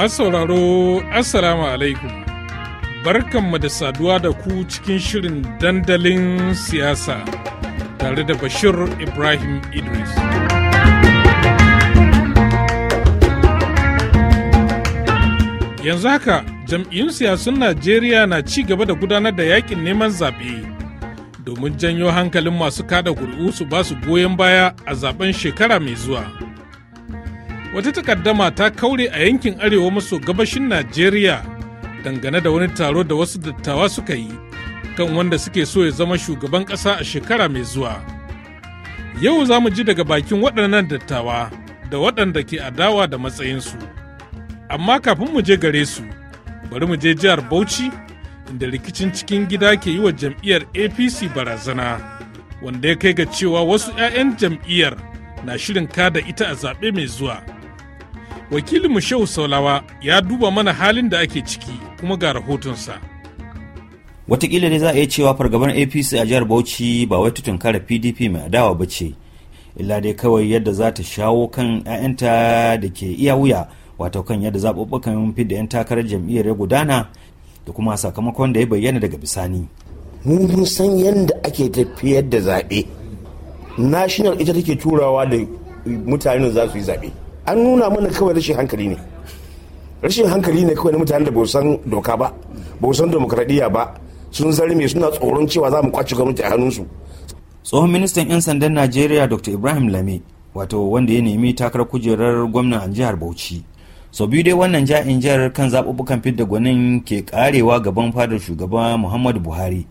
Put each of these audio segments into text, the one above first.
Masu sauraro, Assalamu alaikum. Barkanmu da saduwa da ku cikin shirin dandalin siyasa tare da Bashir Ibrahim Idris. Yanzu haka jam'iyyun siyasun Najeriya na ci gaba da gudanar da yakin neman zaɓe domin janyo hankalin masu kada kuri'u su ba su goyon baya a zaben shekara mai zuwa. wata takaddama ta kaure a yankin arewa maso gabashin najeriya dangane da wani taro da wasu dattawa suka yi kan wanda suke so ya zama shugaban ƙasa a shekara mai zuwa yau za mu ji daga bakin waɗannan dattawa da waɗanda ke adawa da matsayinsu amma kafin mu je gare su bari mu je jihar bauchi inda rikicin cikin gida ke yi wa jam'iyyar apc barazana wanda ya kai ga cewa wasu 'ya'yan jam'iyyar na shirin kada ita a zaɓe mai zuwa wakilinmu shehu saulawa ya duba mana halin da ake ciki kuma ga rahotonsa watakila dai za a iya cewa fargabar apc a jihar bauchi ba wai tunkara pdp mai adawa ba ce illa dai kawai yadda za ta shawo kan 'ya'yanta da ke iya wuya wato kan yadda zaɓuɓɓukan fidda 'yan takarar jam'iyyar ya gudana da kuma sakamakon da ya bayyana daga bisani mu mun san yadda ake tafiyar da zaɓe national ita take turawa da mutanen za su yi zaɓe an nuna mana kawai rashin hankali ne rashin hankali ne kawai na mutanen da ba san doka ba ba san demokradiyya ba sun zarme suna tsoron cewa za mu kwace gwamnati a hannunsu tsohon ministan 'yan sandan najeriya dr ibrahim lame wato wanda ya nemi takarar kujerar gwamnan jihar bauchi sau biyu dai wannan ja'in jihar kan zaɓuɓɓukan fidda gwanin ke karewa gaban fadar shugaba muhammadu buhari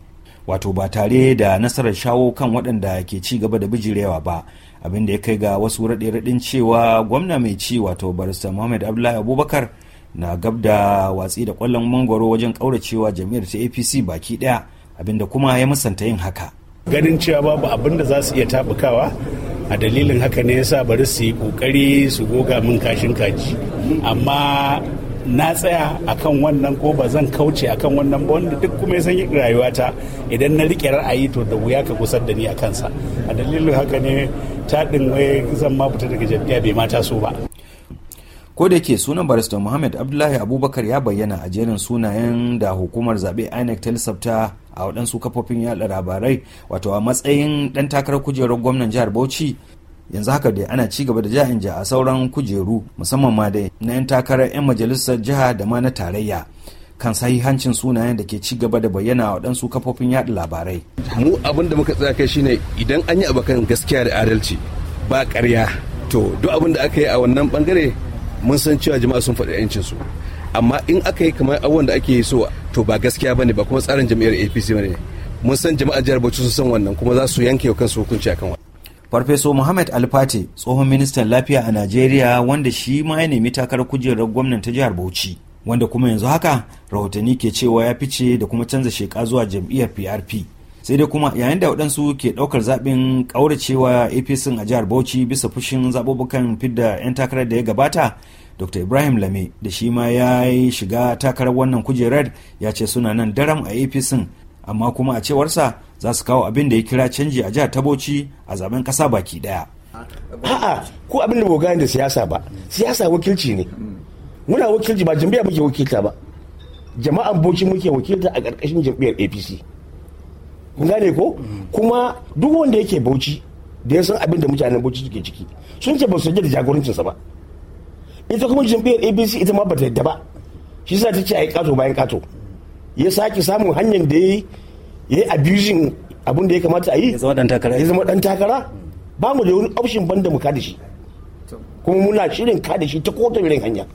wato ba tare da nasarar shawo kan waɗanda ke ci gaba da bijirewa ba abin da ya kai ga wasu raɗe-raɗin cewa gwamna mai ci wato barista muhammad abdullahi abubakar na gab da watsi da ƙwallon mangwaro wajen ƙauracewa jam'iyyar ta apc baki ɗaya abin da kuma ya musanta yin haka ganin cewa babu abin da za su iya tabukawa a dalilin haka ne yasa bari su yi kokari su goga min kashin kaji amma na tsaya akan wannan ko ba zan kauce akan wannan ba wanda duk kuma ya san rayuwata idan na rike ra'ayi to da wuya ka gusar da ni a kansa a dalilin haka ne taɗin wai zan ma fita daga jam'iyya bai mata so ba ko da ke sunan barista muhammad abdullahi abubakar ya bayyana a jerin sunayen da hukumar zaɓe inec ta lissafta a waɗansu kafofin yaɗa labarai wato a matsayin ɗan takarar kujerar gwamnan jihar bauchi yanzu haka dai ana ci gaba da ja'in ja a sauran kujeru musamman ma dai na 'yan takarar 'yan majalisar jiha da ma na tarayya kan sahihancin sunayen da ke ci gaba da bayyana a waɗansu kafofin yaɗa labarai. mu abin da muka tsaya kai shine idan an yi kan gaskiya da adalci ba ƙarya to duk abin da aka yi a wannan bangare mun san cewa jama'a sun faɗi su amma in aka yi kamar abubuwan da ake yi so to ba gaskiya bane ba kuma tsarin jam'iyyar apc bane mun san jama'a jihar bauchi sun san wannan kuma za su yanke wa kansu hukunci akan farfeso muhammad alfate tsohon ministan lafiya a najeriya wanda shi ma ya nemi takarar kujerar gwamnan ta jihar bauchi wanda kuma yanzu haka rahotanni ke cewa ya fice da kuma canza sheka zuwa jam'iyyar prp sai dai kuma yayin da waɗansu ke ɗaukar zaɓin ƙauracewa apc a jihar bauchi bisa fushin zaɓuɓɓukan fidda 'yan takarar da ya gabata dr ibrahim lame da shi ma ya yi shiga takarar wannan kujerar ya ce suna nan daram a apc amma kuma a cewarsa za su kawo abin da ya kira canji a jihar ta bauchi a zaben kasa baki daya a'a ko abin da bai da siyasa ba siyasa wakilci ne muna wakilci ba jam'iyya muke wakilta ba jama'an bauchi muke wakilta a ƙarƙashin jam'iyyar apc kun gane ko kuma duk wanda yake bauchi da ya san abin da mutanen bauchi suke ciki sun ce ba su da jagorancinsa ba ita kuma jam'iyyar apc ita ma ba ta yadda ba shi yasa ta ce a yi kato bayan kato ya sake samun hanyar da ya yi yayi abusing abin da ya kamata a yi ya zama dan takara ba mu da wani option banda mu kada shi kuma muna shirin kada shi ta kowace hanya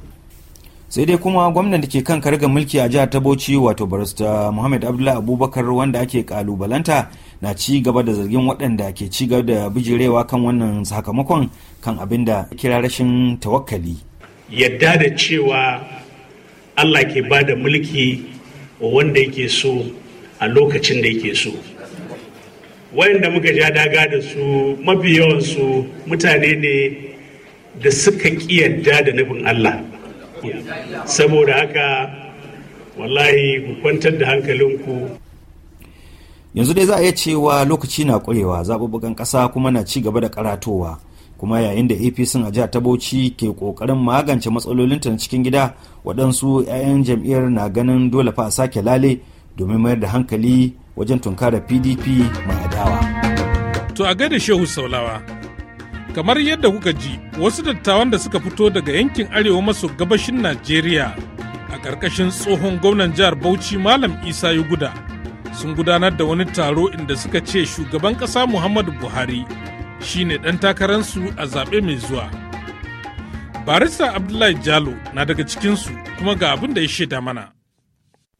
sai dai kuma gwamnan da ke kan karga mulki a jihar ta bauchi wato barista muhammad abdullahi abubakar wanda ake kalubalanta na ci gaba da zargin waɗanda ke ci gaba da bijirewa kan wannan sakamakon kan abin da kira rashin tawakkali yadda da cewa allah ke ba da mulki wanda yake so a lokacin da yake so wayanda muka ja daga da su mafi yawansu mutane ne da suka yarda da nufin Allah saboda haka wallahi ku kwantar da hankalinku yanzu dai za a iya cewa lokaci na kurewa zaɓuɓɓukan ƙasa kuma na ci gaba da karatowa kuma yayin da apc a jihar ta bauchi ke ƙoƙarin magance matsalolinta na cikin gida waɗansu 'ya'yan jam'iyyar na ganin dole fa a sake lale domin mayar da hankali wajen tunkara pdp mai adawa to a gaida shehu saulawa kamar yadda kuka ji wasu dattawan da suka fito daga yankin arewa maso gabashin najeriya a ƙarƙashin tsohon gwamnan jihar bauchi malam isa guda sun gudanar da wani taro inda suka ce shugaban ƙasa muhammadu buhari shine ɗan takararsu a zaɓe mai zuwa barista abdullahi jalo na daga cikinsu kuma ga abin da ya shaida mana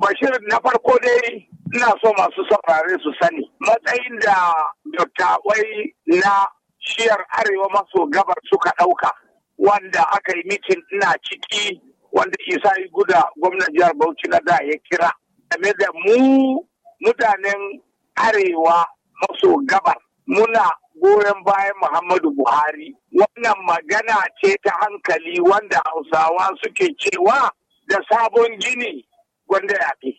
Bashir na farko dai ina so masu saurare su sani matsayin da dattawai na shiyar arewa maso gabar suka ɗauka wanda aka yi mitin ina ciki wanda isa yi guda gwamnan jihar bauchi na da ya kira game da mu mutanen arewa maso gabar muna goyon bayan muhammadu buhari wannan magana ce ta hankali wanda hausawa suke cewa da sabon gini gwanda yaɓe.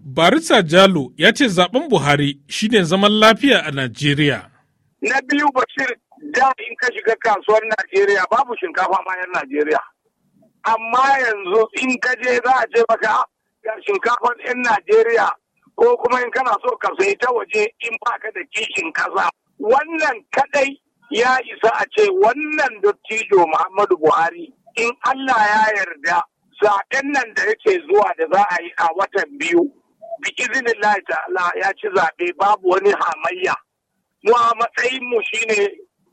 Barisa Jalo ya ce zaben Buhari shine zaman lafiya a Najeriya. Na biyu Bashir da in ka shiga kasuwar Najeriya babu shinkafa ma yan Najeriya. Amma yanzu in ka je za a ce maka ga shinkafar yan Najeriya ko kuma in kana so ka sayi ta waje in baka da kishin kasa. Wannan kadai ya isa a ce wannan dottijo Muhammadu Buhari in Allah ya yarda zaɓen nan da yake zuwa da za a yi a watan biyu bi izinin Allah ya ci zaɓe babu wani hamayya mu a matsayin mu shine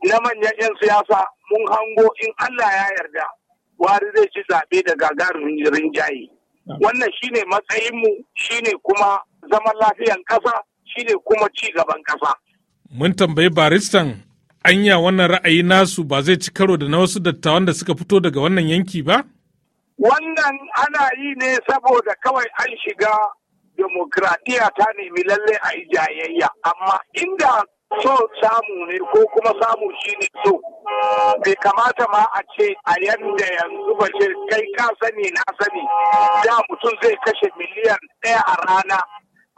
na manyan 'yan siyasa mun hango in Allah ya yarda wari zai ci zaɓe da gagarumin rinjaye wannan shine matsayin mu shine kuma zaman lafiyan ƙasa shine kuma ci gaban ƙasa mun tambayi baristan anya wannan ra'ayi nasu ba zai ci karo da na wasu dattawan da suka fito daga wannan yanki ba wannan ana yi ne saboda kawai an shiga demokradiyya ta nemi lalle a yi jayayya amma inda so samu ne ko kuma samu shi ne so bai kamata ma a ce a yadda yanzu ba ce kai ka sani na sani da mutum zai kashe miliyan ɗaya a rana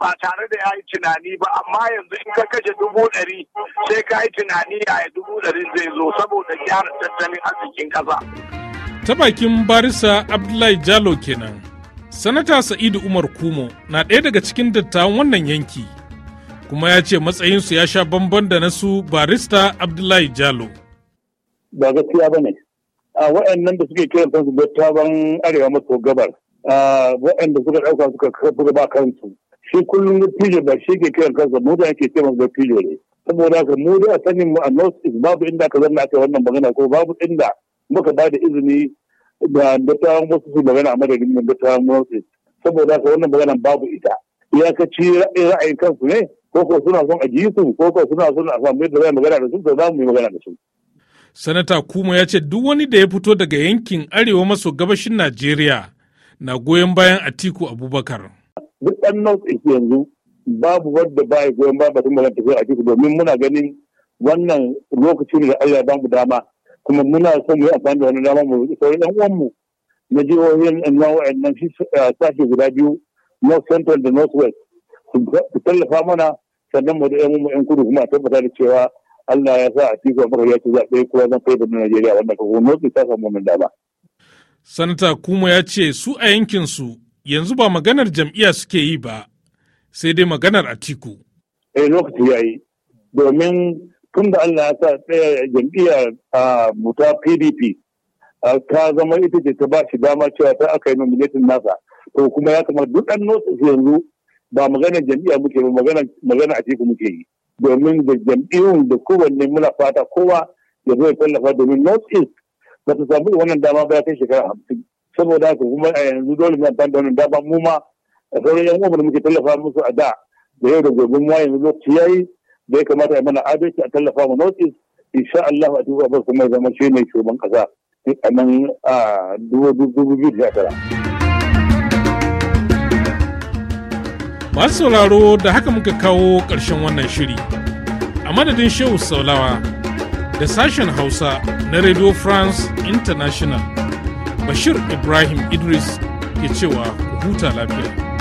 ba tare da ya yi tunani ba amma yanzu in ka kashe dubu ɗari sai ka yi tunani yaya dubu ɗarin zai zo saboda gyara tattalin arzikin ƙasa. ta bakin barisa abdullahi jalo kenan sanata sa'idu umar kumo na ɗaya daga cikin dattawan wannan yanki kuma ya ce matsayinsu ya sha bamban da nasu barista abdullahi jalo ba gaskiya ba ne a wa'annan da suke kiran kansu dattawan arewa maso gabar a wa'anda suka ɗauka suka buga gaba kansu shi kullum da dattijo ba shi ke kiran kansa mu da ake ce da dattijo ne saboda haka mu da sanin mu a north east babu inda ka zanna ake wannan magana ko babu inda muka ba da izini da dattawan wasu su magana a madadin da dattawan wasu saboda ka wannan magana babu ita iyakaci ra'ayin kansu ne ko ko suna son a ji su ko ko suna son a samu yadda zai magana da su to za mu yi magana da su. Sanata Kuma ya ce duk wani da ya fito daga yankin arewa maso gabashin Najeriya na goyon bayan Atiku Abubakar. Duk ɗan North East yanzu babu wadda ba ya goyon bayan batun magana tafiya Atiku domin muna ganin wannan lokacin ne da Allah ya bamu dama kuma muna son mu yi amfani da wani dama mu sauri ɗan uwanmu na jihohin na wa'annan eh, sashe guda biyu north central da north west su tallafa mana sannan mu da ƴan mu ƴan kudu kuma tabbata da cewa Allah ya sa a cikin maka ya ce zaɓe kuma zan kai da Najeriya wannan kuma north ta samu wannan dama. Sanata Kuma ya ce su a yankin su yanzu ba maganar jam'iyya suke yi ba sai dai maganar Atiku. Eh lokaci ya yi domin tun da Allah ya sa ɗaya jam'iyyar muta PDP ta zama ita ce ta ba shi dama cewa ta aka yi nominatin nasa to kuma ya kamata duk ɗan su yanzu ba magana jam'iyya muke ba magana a cikin muke yi domin da jam'iyyun da kowanne muna fata kowa ya zo ya tallafa domin north east ba ta samu wannan dama ba ya kai shekara hamsin saboda haka kuma a yanzu dole mu a da wannan dama mu ma a sauran yan uwa da muke tallafa musu a da da yau da gobe mu yanzu lokaci yayi da kamata ya mana adalci a tallafa mu north east insha Allah a duba ba kuma zama shi ne shugaban kasa a nan a dubu biyu da tara. Masu sauraro da haka muka kawo ƙarshen wannan shiri. A madadin Shehu Saulawa da sashen Hausa na Radio France International, Bashir Ibrahim Idris ke cewa huta lafiya.